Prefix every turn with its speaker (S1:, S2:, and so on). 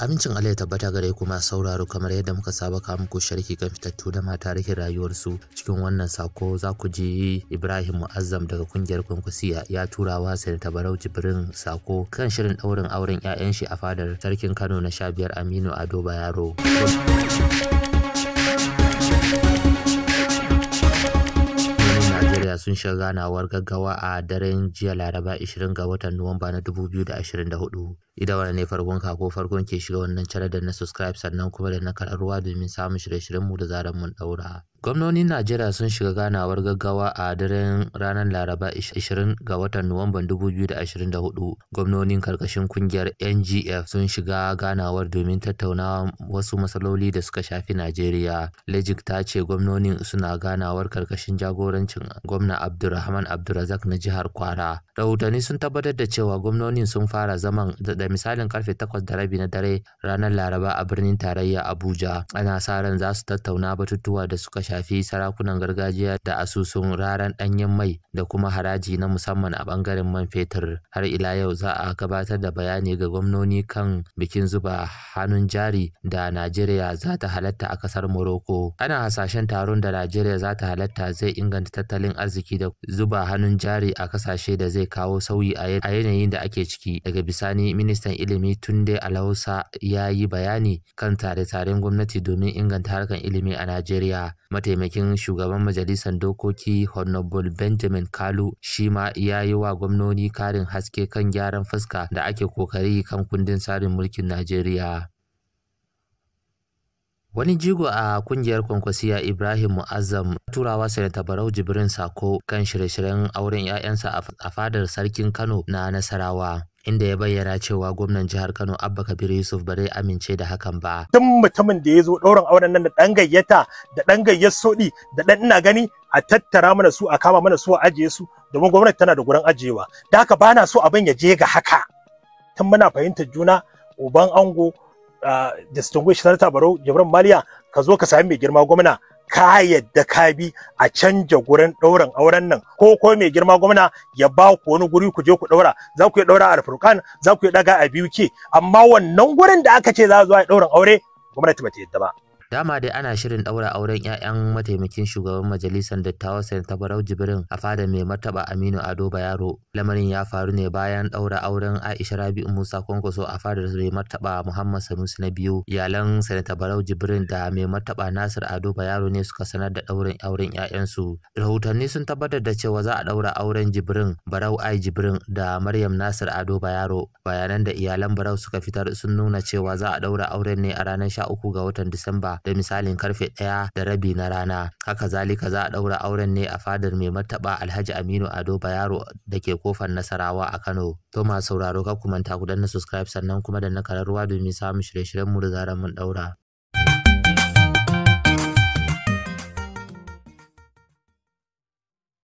S1: Amincin Allah ya tabbata gare kuma sauraro kamar yadda muka saba ka muku sharhi kan fitattu da mata rikin rayuwarsu cikin wannan sako za ku ji Ibrahim Mu'azzam daga kungiyar Kwankwasiya ya tura wa Sanata Barau Jibrin sako kan shirin daurin auren 'ya'yan shi a fadar sarkin Kano na 15 Aminu Ado bayaro sun shiga ganawar gaggawa a daren jiya Laraba 20 ga watan Nuwamba na 2024. Idan wani ne farkon ka ko farkon ke shiga wannan channel da na subscribe sannan kuma da na karɓar ruwa domin samun shirye-shiryenmu shiryen da zarar mun daura. Gwamnonin Najeriya sun shiga ganawar gaggawa a daren ranar Laraba 20 ga watan Nuwamban 2024. Gwamnonin karkashin kungiyar NGF sun shiga ganawar domin tattaunawa wasu matsaloli da suka shafi Najeriya. Legic ta ce gwamnonin suna ganawar karkashin jagorancin gwamna Abdulrahman Abdulrazak na jihar Kwara. Rahotanni sun tabbatar da cewa gwamnonin sun fara zaman da misalin karfe rabi na dare ranar Laraba a birnin tarayya Abuja. Ana sa ran za su tattauna batutuwa da suka shafi sarakunan gargajiya da asusun raran danyen mai da kuma haraji na musamman a bangaren man fetur. Har ila yau za a gabatar da bayani ga gwamnoni kan bikin zuba hannun jari da Najeriya za ta halatta a kasar Morocco. Ana hasashen taron da Najeriya za ta halatta zai inganta tattalin arziki da zuba hannun jari a kasashe da zai kawo sauyi a yanayin da ake ciki. Daga bisani ministan ilimi Tunde Alhausa ya yi bayani kan tare-taren gwamnati domin inganta harkar ilimi a Najeriya. mataimakin shugaban majalisar dokoki honorable benjamin kalu shi ma ya yi wa gwamnoni karin haske kan gyaran fuska da ake kokari kan kundin tsarin mulkin najeriya Wani jigo a kungiyar kwankwasiya Ibrahim Mu'azzam turawa Sanata Barau Jibrin Sako kan shirye-shiryen auren 'ya'yansa a fadar sarkin Kano na Nasarawa. inda ya bayyana cewa gwamnan jihar Kano Abba
S2: Kabir Yusuf ba zai amince da hakan ba. Duk mutumin da ya zo ɗaurin auren nan da ɗan gayyata da ɗan gayyar soɗi da ɗan ina gani a tattara mana su a kama mana su a ajiye su domin gwamnati tana da gurin ajiyewa. Da haka bana so abin ya je ga haka. Tun muna fahimtar juna uban ango ah, distinguished senator Barau Jibrin Maliya ka zo ka sami mai girma gwamna ka yadda ka bi a canja gurin ɗaurin auren nan ko ko mai girma gwamna ya ba ku wani guri ku je ku ɗaura za ku yi ɗaura a alfurkan za ku yi ɗaga a biyu ke amma wannan gurin da aka ce za a zo a ɗaurin aure gwamnati ba ta yadda ba
S1: Dama dai ana shirin ɗaura auren 'ya'yan mataimakin shugaban majalisar dattawa ta Barau Jibrin a fada mai martaba Aminu Ado Bayaro. Lamarin ya faru ne bayan ɗaura auren Aisha Rabi'u Musa Kwankwaso a fadar mai martaba Muhammad Sanusi na biyu. Iyalan Sanata Barau Jibrin da mai martaba Nasir Ado Bayaro ne suka sanar da ɗaurin auren 'ya'yansu. Rahotanni sun tabbatar da cewa za a ɗaura auren Jibrin Barau Ai Jibrin da Maryam Nasir Ado Bayaro. Bayanan da iyalan Barau suka fitar sun nuna cewa za a ɗaura auren ne a ranar sha uku ga watan Disamba da misalin karfe ɗaya da rabi na rana. Haka zalika za a ɗaura auren ne a fadar mai martaba Alhaji Aminu Ado Bayaro da ke kofar Nasarawa a Kano. To masu sauraro ka kumanta ku danna subscribe sannan kuma da na kararruwa domin samun shirye-shiryen mu da zarar mun ɗaura.